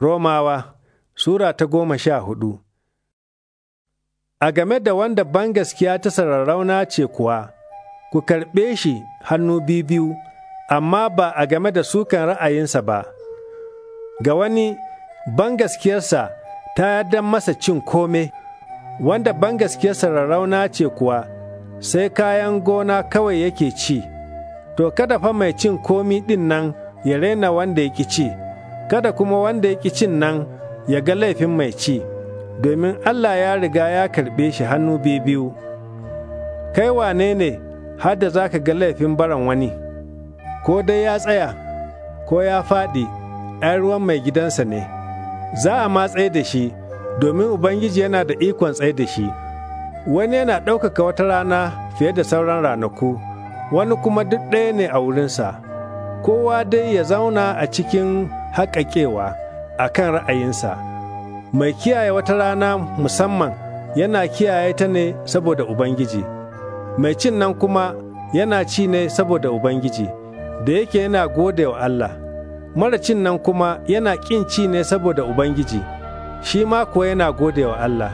Romawa Sura ta goma sha hudu A game da wanda bangaskiya ta sararrauna ce kuwa, ku karɓe shi hannu biyu, amma ba a game da sukan ra'ayinsa ba. Ga wani bangaskiyarsa ta yarda masa cin kome, wanda bangaskiyar sararrauna ce kuwa, sai kayan gona kawai yake ci, to kada fa mai cin komi ɗin nan ya raina wanda yake ci. kada kuma wanda yake cin nan ya ga laifin mai ci, domin Allah ya riga ya karɓe shi hannu biyu. Kai wane ne har za ka ga laifin baran wani, ko dai ya tsaya, ko ya faɗi, ‘yan ruwan mai gidansa ne, za a matsaye da shi, domin Ubangiji yana da ikon tsaye da shi. Wani yana ɗaukaka wata rana fiye da sauran ranaku, wani kuma duk ɗaya ne a wurinsa. kowa dai ya zauna a cikin haƙaƙewa a kan ra'ayinsa mai kiyaye wata rana musamman yana kiyaye ta ne saboda ubangiji mai cin nan kuma yana ci ne saboda ubangiji da yake yana gode wa allah mara cin nan kuma yana ƙin ci ne saboda ubangiji shi ma kuwa yana gode wa allah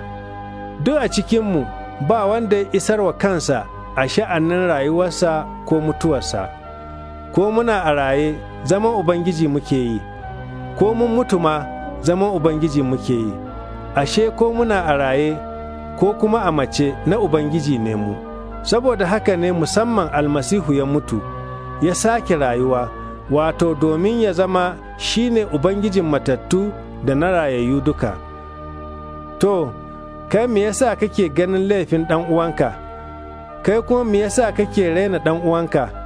duk a cikinmu ba wanda ya isar wa kansa a sha'anin rayuwarsa ko mutuwarsa. ko muna a raye zaman Ubangiji muke yi, ko mun mutu ma zaman Ubangiji muke yi, ashe ko muna a raye ko kuma a mace na Ubangiji ne mu, saboda haka ne musamman almasihu ya mutu, ya sake rayuwa, wato domin ya zama shi ne Ubangijin matattu da na rayayyu duka. To, kai me yasa kake ganin laifin ɗan uwanka, kai kuma me yasa kake raina ɗan uwanka?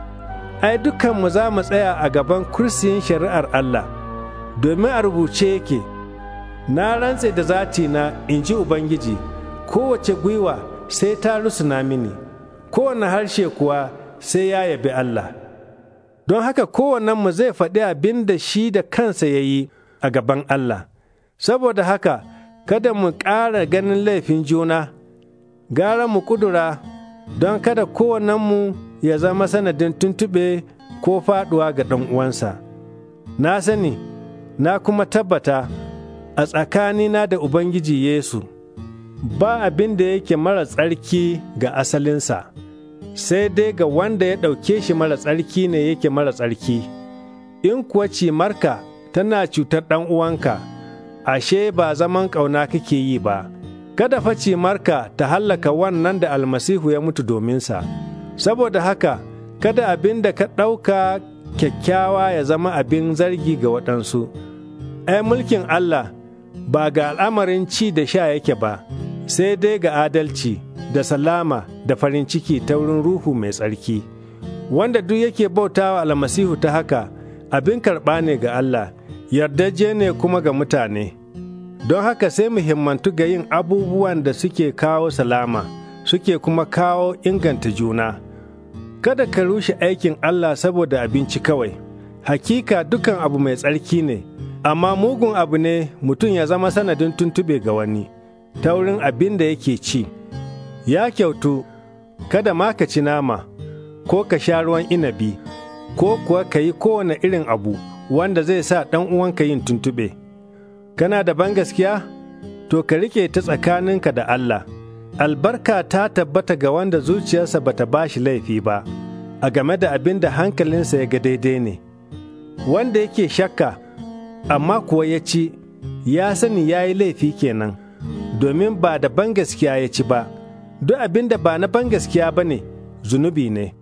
ai dukanmu za mu tsaya a gaban kursiyin shari'ar Allah, domin a rubuce yake, na rantse da zatina in ji Ubangiji, kowace gwiwa sai ta rusuna mini, kowane harshe kuwa sai ya yabi Allah. Don haka kowannenmu zai faɗi abin da shi da kansa ya yi a gaban Allah, saboda haka kada mu ƙara ganin laifin juna, gara mu ƙudura don kada kowannenmu ya zama sanadin tuntuɓe ko faɗuwa ga ɗan uwansa. Na sani, na kuma tabbata a tsakanina da Ubangiji Yesu, ba abin da yake mara tsarki ga asalinsa, sai dai ga wanda ya ɗauke shi mara tsarki ne yake mara tsarki. In kuwa cimarka tana cutar ɗan uwanka, ashe ba zaman ƙauna kake yi ba, kada fa cimarka ta hallaka wannan da almasihu ya mutu dominsa. saboda haka kada abin da ka ɗauka kyakkyawa ya zama abin zargi ga waɗansu ai mulkin Allah ba ga al'amarin ci da sha yake ba sai dai ga adalci da salama da farin ciki ta wurin ruhu mai tsarki wanda duk yake bautawa almasihu ta haka abin karɓa ne ga Allah yardaje ne kuma ga mutane don haka sai muhimmantu ga yin abubuwan da suke kawo salama suke kuma kawo inganta juna. Kada ka rushe aikin Allah saboda abinci kawai, hakika dukan abu mai tsarki ne, amma mugun abu ne mutum ya zama sanadin tuntube ga wani, ta wurin abin da yake ci. Ya kyautu, kada ma ka ci nama, ko ka sha ruwan inabi, ko kuwa ka yi kowane irin abu wanda zai sa ɗan uwanka yin tuntube. Kana da ban gaskiya? To ka rike ta tsakaninka da Allah. albarka ta tabbata ga wanda zuciyarsa bata ba shi laifi ba a game da abin da hankalinsa ya ga daidai ne wanda yake shakka amma kuwa ya ci ya sani ya yi laifi kenan domin ba da bangaskiya ya ci ba duk abin da ba na bangaskiya ba ne zunubi ne